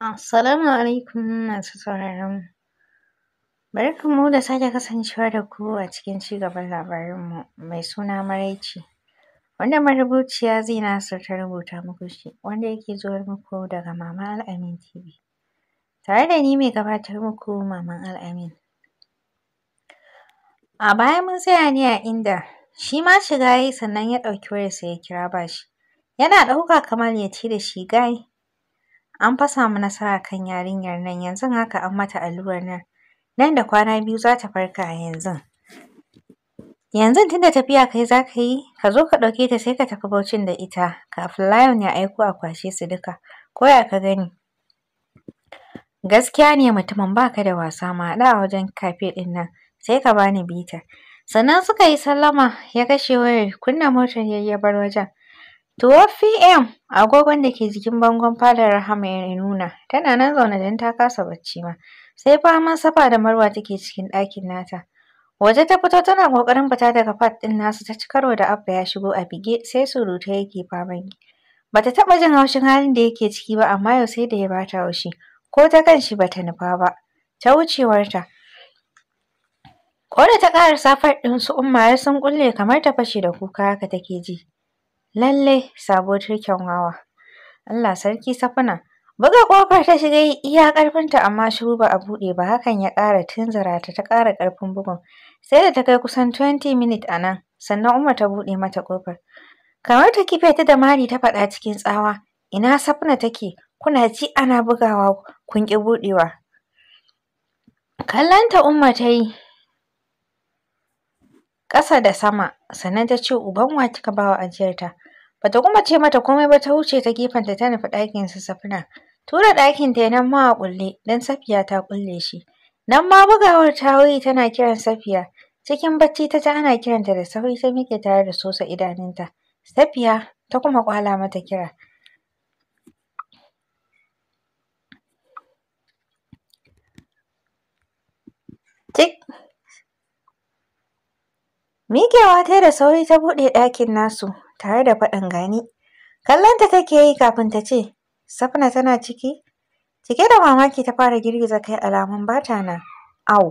Assalamu alaikum masu sauraron mu. Barkan mu da sake kasancewa da ku a cikin cigaban labarin mu mai suna maraici. Wanda marubuciya zina Nasir ta rubuta muku shi wanda yake zo muku daga Mama Al'amin TV. Tare da ni mai gabatar muku Maman Al'amin. A baya mun tsaya ne a inda shi ma shiga yayi sannan ya ɗauki wayarsa ya kira shi. Yana ɗauka kamar ya ce da shi gaye An fa samu nasara kan yarinyar nan yanzu haka an mata allurar nan. Nan da kwana biyu za ta farka a Yanzu tun tunda tafiya kai za ka yi, ka zo ka ɗauke ta sai ka tafi Bauchin da ita kafin Layon ya aiko a kwashe su duka. Ko ya ka gani? Gaskiya ne mutumin ba ka da wasa ma haɗu a wajen kafe ɗin nan sai ka bani bita. Sannan suka yi sallama ya kashe wayar kunna motar yayyabar ya bar wajen. Tuwafi pm agogon da ke jikin bangon fadar Rahama ya nuna, tana nan zaune don ta kasa bacci ma, sai faman safa da marwa take cikin ɗakin nata. Waje ta fito tana ƙoƙarin fita daga fat ɗin nasu ta ci karo da Abba ya shigo a bige sai surutu yake faman Bata taɓa jin haushin halin da yake ciki ba amma yau sai da ya bata haushi, ko ta kan shi bata nufa ba, ta wucewarta. Ko da ta ƙara safar ɗin su Umma ya sun ƙulle kamar ta fashe da kuka haka take ji. Lallai sabuwar turken wawa. Allah sarki Safuna. Buga ƙofar ta shiga iya ƙarfinta amma shiru ba a buɗe ba hakan ya ƙara tunzara ta ta ƙara ƙarfin bugun. Sai da ta kai kusan 20 minit a nan sannan Umar ta buɗe mata ƙofar. Kamar ta kife ta da mari ta faɗa cikin tsawa. Ina safuna take kuna ji ana bugawa kun ƙi buɗewa. Kallonta Umma ta yi ƙasa da sama sannan ta ce uban wa kika bawa ajiyarta? Bata kuma ce mata komai ba ta wuce ta gefenta ta nufi ɗakin su Safina. Tura ɗakin ta nan ma a kulle dan Safiya ta kulle shi. Nan ma bugawar ta wuri tana kiran Safiya. Cikin bacci ta ta ana kiranta da sauri ta miƙe tare da sosa idanunta. Safiya ta kuma kwala mata kira. Tik. Miƙewa ta da sauri ta buɗe ɗakin nasu. tare da faɗin gani. Kallonta take yi kafin ta ce, Safna tana ciki? Cike da mamaki ta fara girgiza kai alamun bata nan. Au.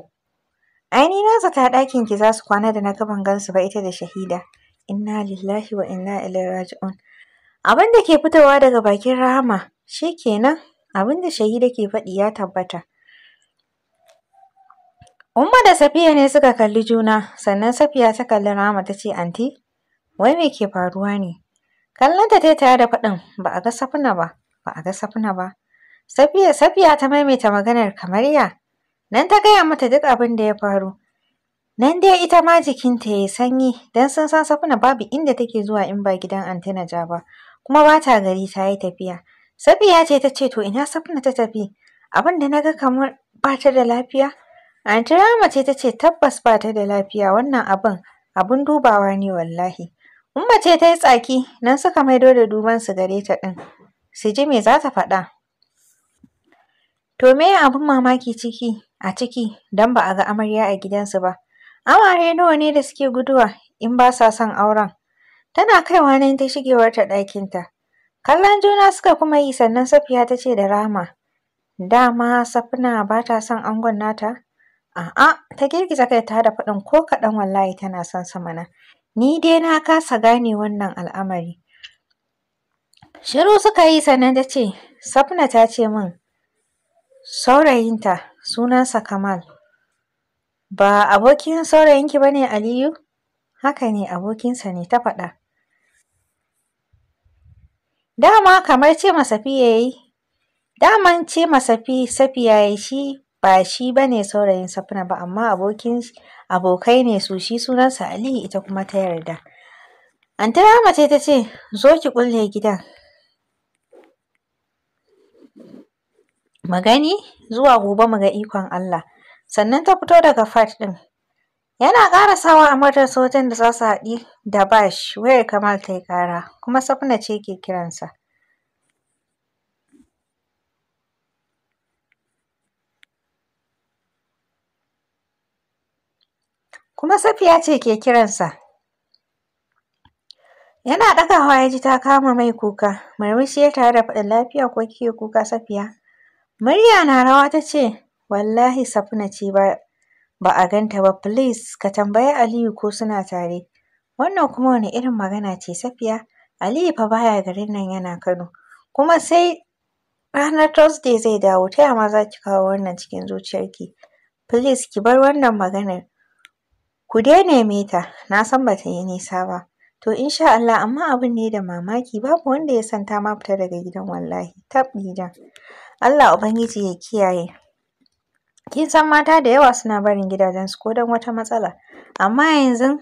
Aini na zata ɗakin ki za su kwana da na gaban gansu ba ita da shahida. Inna lillahi wa inna ilaihi raji'un. Abin da ke fitowa daga bakin Rahama shi kenan abin da shahida ke faɗi ya tabbata. Umma da Safiya ne suka kalli juna sannan Safiya ta kalli Rahama ta ce anti wai me ke faruwa ne? Kallonta tai tare da faɗin ba a ga Safina ba, ba a ga Safina ba. Safiya Safiya ta maimaita maganar kamar ya. Nan ta gaya mata duk abin da ya faru. Nan dai ita ma jikinta ya sanyi don sun san Safina babu inda take zuwa in ba gidan antina ja ba, kuma ba ta gari ta yi tafiya. Safiya ce ta ce to ina Safina ta tafi? Abin da na ga kamar ba ta da lafiya. Anti ce ta ce tabbas ba ta da lafiya wannan abin abun dubawa ne wallahi. Umma ce ta yi tsaki nan suka maido da duban su gare ta ɗin su ji me za ta faɗa. To me abin mamaki ciki a ciki don ba a ga amarya a gidansu ba. Amare nawa ne da suke guduwa in ba sa son auren. Tana kaiwa nan ta shigewar ta ɗakinta. Kallon juna suka kuma yi sannan Safiya ta ce da Rama. Dama Safina ba ta son angon nata? A'a, ta girgiza kai ta da faɗin ko kaɗan wallahi tana son sama na. Ni dai na kasa gane wannan al'amari. Shiru suka yi sannan ta ce, Safna ta ce min, saurayinta sunansa Kamal. Ba abokin saurayinki ba ne Aliyu? Haka ne abokinsa ne ta faɗa. Dama kamar ce masafi ya yi, daman ce masafi safiya ya shi ba shi ba ne saurayin Safna ba amma abokin abokai ne su shi sunansa Aliyu ita kuma ta yarda. Anti Rahama ce ta ce zo ki kulle gidan. Magani zuwa gobe mu ga ikon Allah. Sannan ta fito daga fat ɗin. Yana ƙara sawa a matarsa sautin da za su haɗi da bash wayar Kamal ta yi ƙara kuma Safna ce ke kiransa. kuma Safiya ce ke kiransa. Yana ɗagawa ya ji ta kama mai kuka, murmushi ya tare da faɗin lafiya ko kike kuka Safiya? Murya na rawa ta ce, wallahi Safna ce ba ba a ganta ba please ka tambaye Aliyu ko suna tare. Wannan kuma wani irin magana ce Safiya? Aliyu fa baya garin nan yana Kano, kuma sai ranar Thursday zai dawo, ta yama za ki kawo wannan cikin zuciyarki? Please ki bar wannan maganar. Ku dai neme ta, na san ba ta yi nisa ba. To insha Allah amma abin ne da mamaki babu wanda ya san ta ma fita daga gidan wallahi tab dija. Allah ubangiji ya kiyaye. Kin san mata da yawa suna barin gidajensu ko don wata matsala, amma yanzu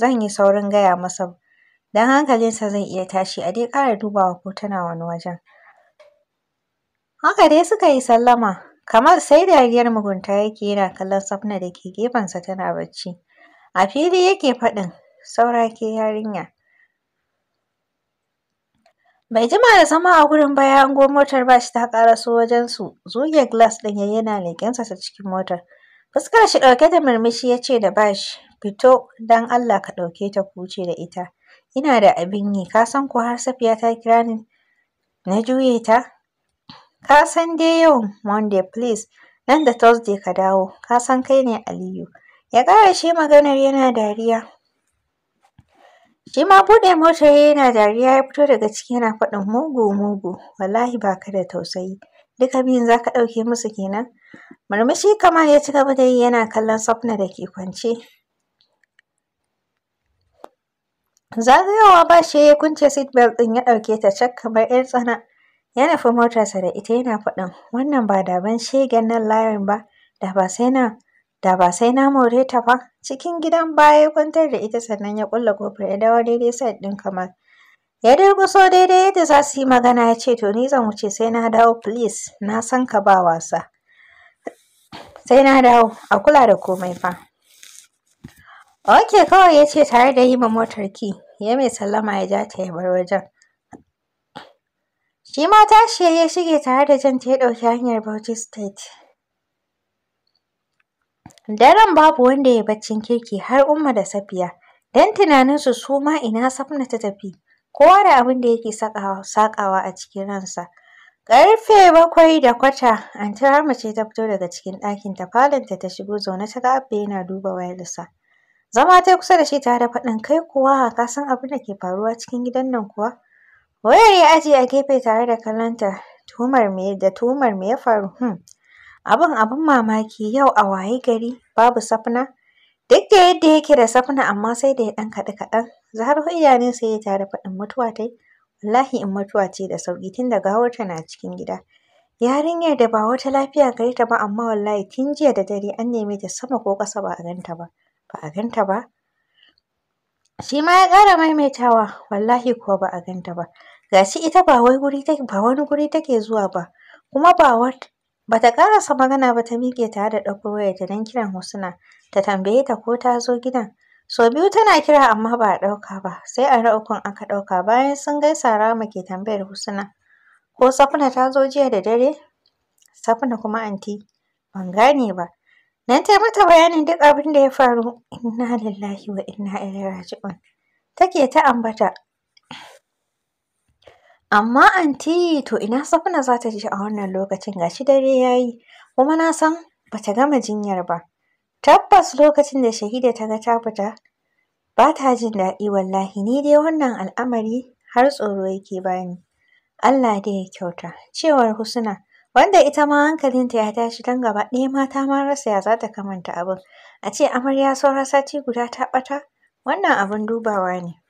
zan yi saurin gaya masa dan hankalinsa zai iya tashi a dai ƙara dubawa ko tana wani wajen. Haka dai suka yi sallama, Kamar sai dariyar mugunta yake yana kallon Safna da ke gefensa tana bacci. A fili yake faɗin, saura ke yarinya. Bai jima da zama a gurin ba ya hango motar bashi ta ƙaraso wajensu, zuge glass ɗin yayi yana leƙensa ta cikin motar. Fuskar shi ɗauke da murmushi ya ce da bashi, fito don Allah ka ɗauke ta kuce da ita. Ina da abin yi, ka san ko har Safiya ta kira ni na juye ta. Ka san dai yau Monday please, nan da Thursday ka dawo, ka san kai ne Aliyu. ya ƙarashe maganar yana dariya shi ma buɗe motar yayi yana dariya ya fito daga ciki yana faɗin mugu mugu wallahi baka da tausayi duka biyun zaka ɗauke musu kenan murmushi kamar ya ci gaba da yi yana kallon Safna da ke kwance zagayowa ba shi ya kunce seat belt ɗin ya ɗauke ta cak kamar 'yar tsana ya nufi motarsa da ita yana faɗin wannan ba da ban shegen nan layin ba da ba sai na da ba sai na more ta ba. Cikin gidan baya ya kwantar da ita sannan ya ƙulla ƙofar ya dawo daidai side ɗin kamar. Ya durƙuso daidai yadda za su yi magana ya ce to ni zan wuce sai na dawo please na san ka ba wasa. Sai na dawo a kula da komai fa. Ok kawai ya ce tare da yi ma motar ki ya mai sallama ya ja ta ya bar wajen. Shi ma tashi ya shige tare da jan ta ya ɗauki hanyar Bauchi State. Daren babu wanda ya yi baccin kirki har Umma da Safiya. Don tunaninsu su ma ina Safna ta tafi. Kowa da abin da yake sakawa a cikin ransa. Ƙarfe bakwai da kwata, Anti Rahma ce ta fito daga cikin ɗakinta, falonta ta shigo zaune ta ga Abba yana duba wayarsa. Zama ta kusa da shi tare da faɗin kai kuwa ka san abin da ke faruwa cikin gidan nan kuwa. Wayar ya ajiye a gefe tare da kallonta, tuhumar me da tuhumar me ya faru? Hmm, Abin abin mamaki yau a waye gari babu safna. Duk da yadda yake da safna amma sai da ya ɗan kaɗi kaɗan. Zaharu idanun sa ya tare faɗin mutuwa tai. Wallahi in mutuwa ce da sauƙi tun da gawarta na cikin gida. Yarinyar da ba wata lafiya gare ta ba amma wallahi tun jiya da dare an neme ta sama ko ƙasa ba a ganta ba. Ba a ganta ba. Shi ma ya ƙara maimaitawa wallahi kuwa ba a ganta ba. Ga shi ita ba wai guri take ba wani guri take zuwa ba. Kuma ba wata Ba ta karasa magana ba ta miƙe tare da ɗauko wayarta don kiran Husna ta tambaye ta ko ta zo gidan. So biyu tana kira amma ba a ɗauka ba, sai a na ukun aka ɗauka bayan sun gaisa Rama ke tambayar Husna ko Safna ta zo jiya da dare? Safna kuma anti ban gane ba. Nan ta mata bayanin duk abin da ya faru. Inna lillahi wa inna ilaihi raji'un. Take ta ambata Amma anti to ina sakuna za ta je a wannan lokacin ga shi dare ya yi, kuma na san ba ta gama jinyar ba. Tabbas lokacin da shahida ta ga ta fita ba ta jin daɗi wallahi ni dai wannan al'amari har tsoro yake bani. Allah dai ya kyauta, cewar Husna, wanda ita ma hankalinta ya tashi don gaba ɗaya mata ma rasa ya za ta kamanta abin. A ce amarya saura sati guda ta ɓata, wannan abin dubawa ne.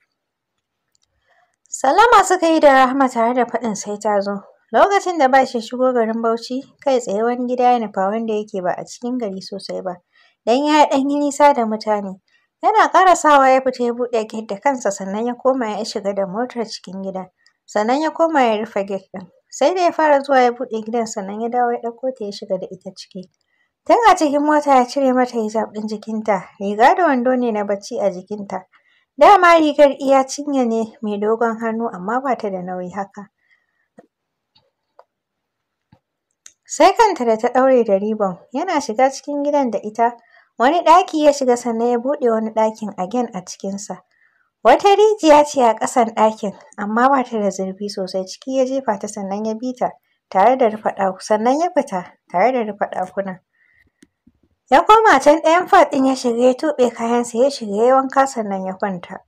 Salama suka yi da Rahama tare da faɗin sai ta zo. Lokacin da ba ya shigo garin Bauchi, kai tsaye wani gida ya nufa wanda yake ba a cikin gari sosai ba, don ya ɗan yi nisa da mutane. Yana ƙarasawa ya fita ya buɗe gate da kansa sannan ya koma ya shiga da motar cikin gida. Sannan ya koma ya rufe gate ɗin. Sai da ya fara zuwa ya buɗe gidan sannan ya dawo ya ɗauko ta ya shiga da ita ciki. Tun a cikin mota ya cire mata hijab ɗin jikinta, riga da wando ne na bacci a jikinta. Dama rigar iya cinye ne mai dogon hannu amma ba ta da nauyi haka. Sai kanta da ta ɗaure da ribon yana shiga cikin gidan da ita wani ɗaki ya shiga sannan ya buɗe wani ɗakin again a cikinsa. Wata rijiya ce a ƙasan ɗakin amma ba ta da zurfi sosai ciki ya jefa ta sannan ya bi ta sannan ya fita tare da rufe ɗakunan. Ya koma can ɗayan fat ɗin ya shiga ya tuɓe kayansa ya shiga ya wanka sannan ya kwanta.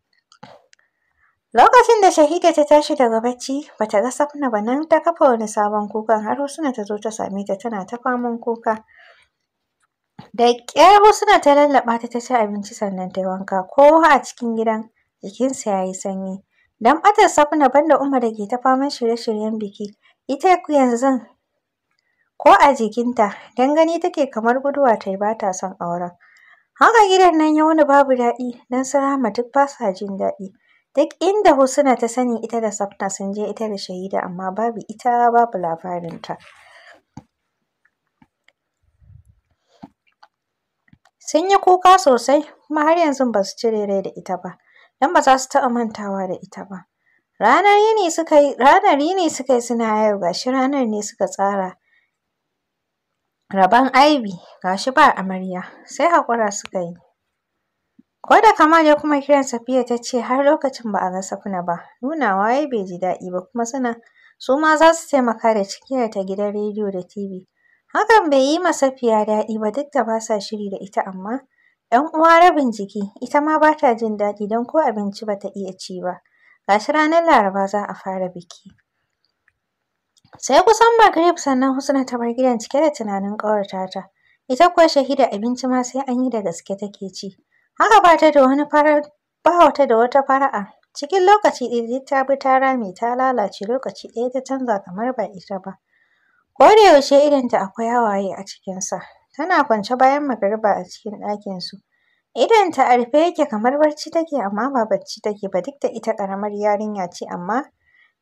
Lokacin da Shahida ta tashi daga bacci bata ga Safna ba nan ta kafa wani sabon kukan har Husna ta zo ta same ta tana ta faman kuka. Da ƙyar Husna ta lallaɓa ta ta ci abinci sannan ta yi wanka kowa a cikin gidan jikinsa ya yi sanyi. dan ɓatar Safna banda Umar da ke ta faman shirye-shiryen biki ita yanzu ko a jikinta don gani take kamar guduwa ta yi ba ta son auren. Haka gidan nan ya wani babu daɗi don su rama duk ba sa jin daɗi. Duk inda Husuna ta sani ita da Safna sun je ita da Shahida amma babu ita babu labarinta. Sun yi kuka sosai kuma har yanzu ba su cire rai da ita ba don ba za su taɓa mantawa da ita ba. Ranar yini suka ranar yini suka yi suna yau gashi ranar ne suka tsara Rabon Ivy ga shi ba amarya, sai haƙura suka yi. Ko da kamar ya kuma kiran Safiya ta ce har lokacin ba a ga Safina ba, nunawa ya bai ji daɗi ba kuma suna su ma za su taimaka da cikiyar ta gidan rediyo da TV. Hakan bai yi ma Safiya daɗi ba duk da ba sa shiri da ita amma ‘yan uwa rabin jiki ita ma ba ta jin daɗi don ko abinci ba ta iya ci ba. Ga shi ranar Laraba za a fara biki. Sai kusan magrib sannan Husna ta bar gidan cike da tunanin ƙawarta ta. Ita kuwa shahida abinci ma sai an yi da gaske take ci. Haka ba ta da wani fara ba wata da wata fara'a. Cikin lokaci ɗaya ta bi ta rame ta lalace lokaci ɗaya ta canza kamar ba ita ba. Ko da yaushe idonta akwai hawaye a cikinsa. Tana kwance bayan magariba a cikin ɗakinsu. Idonta a rufe yake kamar barci take amma ba barci take ba duk da ita ƙaramar yarinya ce amma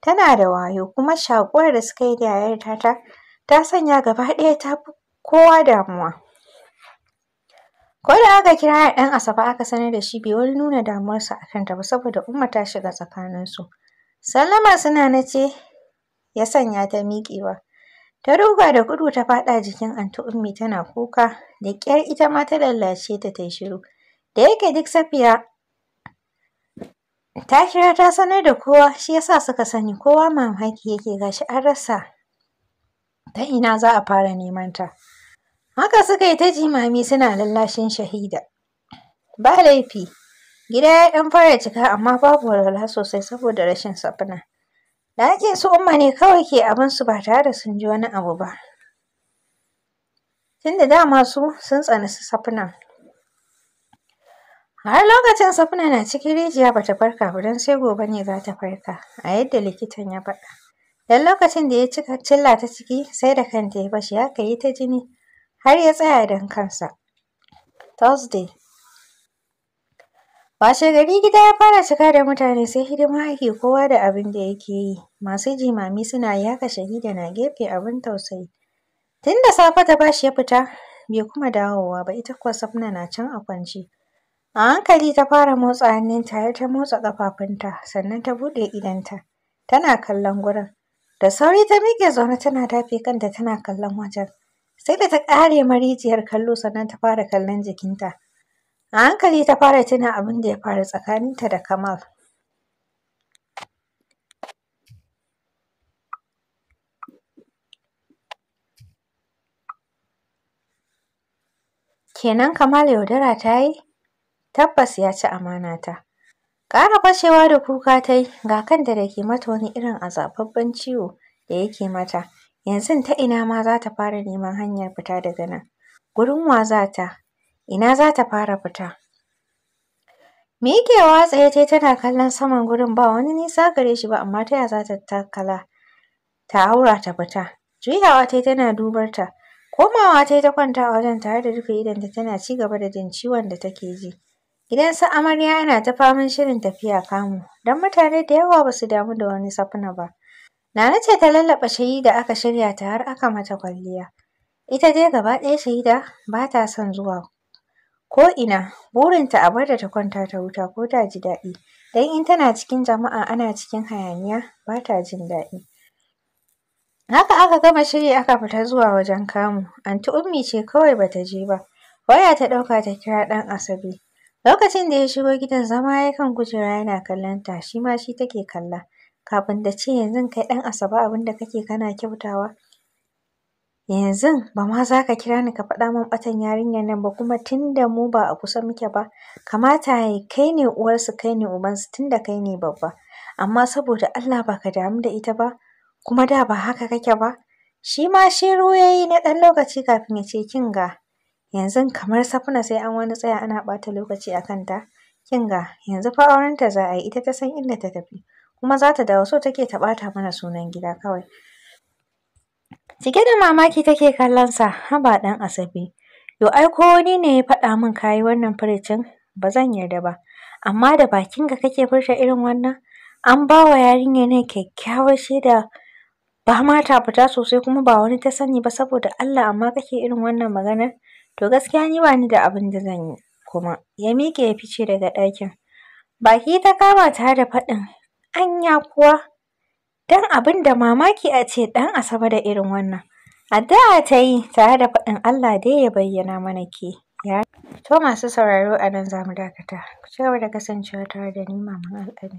Tana da wayo kuma shaƙuwar da suka yi da yayar tata ta sanya gaba ɗaya ta fi kowa damuwa. Ko da aka kira ɗan Asabe aka sanar da shi bai wani nuna damuwarsa a kanta ba saboda Umma ta shiga tsakaninsu. Sallama suna na ce ya sanya ta miƙewa. Ta ruga da gudu ta faɗa jikin Anti Ummi tana kuka da ƙyar ita ma ta lallace ta tai shiru. Da yake duk Safiya Ta kira ta sanar da kowa shi yasa suka sani kowa mamaki yake gashi an rasa ta ina za a fara neman ta. Haka suka yi ta jimami suna lallashin shahida. Ba laifi, gida ya ɗan fara cika amma babu walwala sosai saboda rashin safina. ake su umma ne kawai ke abin su ba tare da sun ji wani abu ba. Tunda dama su sun tsani su safinan. Har lokacin Safna na cikin rijiya bata farka ba don sai gobe ne za ta farka, a yadda likitan ya faɗa. dan lokacin da ya cika cilla ta ciki sai da kanta ya fashe haka yi ta jini har ya tsaya dan kansa. Thursday. Washe gari gida ya fara cika da mutane sai hidima yake kowa da abin da yake yi. Masu jimami suna yi haka shahida na gefe abin tausayi. Tunda safe ta bashi ya fita bai kuma dawowa ba ita kuwa Safna na can a kwance. A hankali ta fara motsa hannunta har ta motsa ƙafafunta sannan ta buɗe idonta. Tana kallon gurin. Da sauri ta miƙe zaune tana dafe kanta tana kallon wajen. Sai da ta ƙare marijiyar kallo sannan ta fara kallon jikinta. A hankali ta fara tuna abin da ya faru tsakaninta da Kamal. Kenan Kamal yaudara ta yi? tabbas ya ci amana ta. Ƙara fashewa da kuka ta yi ga kanta da ke mata wani irin azababben ciwo da yake mata. Yanzu ta ina ma za ta fara neman hanyar fita daga nan? Gurin wa za ta? Ina za ta fara fita? Miƙewa tsaye tai tana kallon saman gurin ba wani nisa gare shi ba amma ta ya za ta takala ta haura ta fita? Juyawa tai tana dubar ta. Komawa tai ta kwanta a wajen tare da rufe idonta tana ci gaba da jin ciwon da take ji. Gidan su amarya ana ta faman shirin tafiya kamu, don mutane da yawa ba su damu da wani safna ba. Nana ce ta lallaɓa Shahida aka shirya ta har aka mata kwalliya. Ita dai gaba ɗaya Shahida ba ta son zuwa ko ina burinta a bar da ta kwanta ta huta ko ta ji daɗi, don in tana cikin jama'a ana cikin hayaniya ba ta jin daɗi. Haka aka gama shiri aka fita zuwa wajen kamu, Anti Ummi ce kawai ba ta je ba. Waya ta ɗauka ta kira ɗan Asabe, Lokacin da ya shigo gidan zama ya kan kujera yana kallon ta, shi ma shi take kalla. Kafin da ce yanzu kai ɗan asaba abin da kake kana kyautawa. Yanzu ba ma za ka kira ni ka faɗa min ɓatan yarinyar nan ba kuma tun da mu ba a kusa muke ba, kamata ya yi kai ne uwarsu kai ne ubansu tun da kai ne babba. Amma saboda Allah ba ka damu da ita ba, kuma da ba haka kake ba. Shi ma shiru ya yi na ɗan lokaci kafin ya ce kin ga yanzu kamar safuna sai an wani tsaya ana bata lokaci a kanta. Kin ga yanzu fa aurenta za a yi ita ta san inda ta tafi kuma za ta dawo so take ta ɓata mana sunan gida kawai. Cike da mamaki take kallon sa haba ɗan asabi. Yo ai ko wani ne ya faɗa min yi wannan furucin? ba zan yarda ba. Amma da bakinka ka kake furta irin wannan an ba wa yarinyar nan kyakkyawar shaida ba ma ta fita sosai kuma ba wani ta sani ba saboda Allah amma kake irin wannan maganar To gaskiya ni ba ni da abin da zan yi kuma. Ya miƙe ya fice daga ɗakin. Baki ta kama tare da faɗin anya kuwa. Dan abin da mamaki a ce ɗan Asabe da irin wannan. Addu'a ta yi tare da faɗin Allah dai ya bayyana mana ke. To masu sauraro a nan za mu dakata. Ku ci gaba da kasancewa tare da ni Maman al'adu.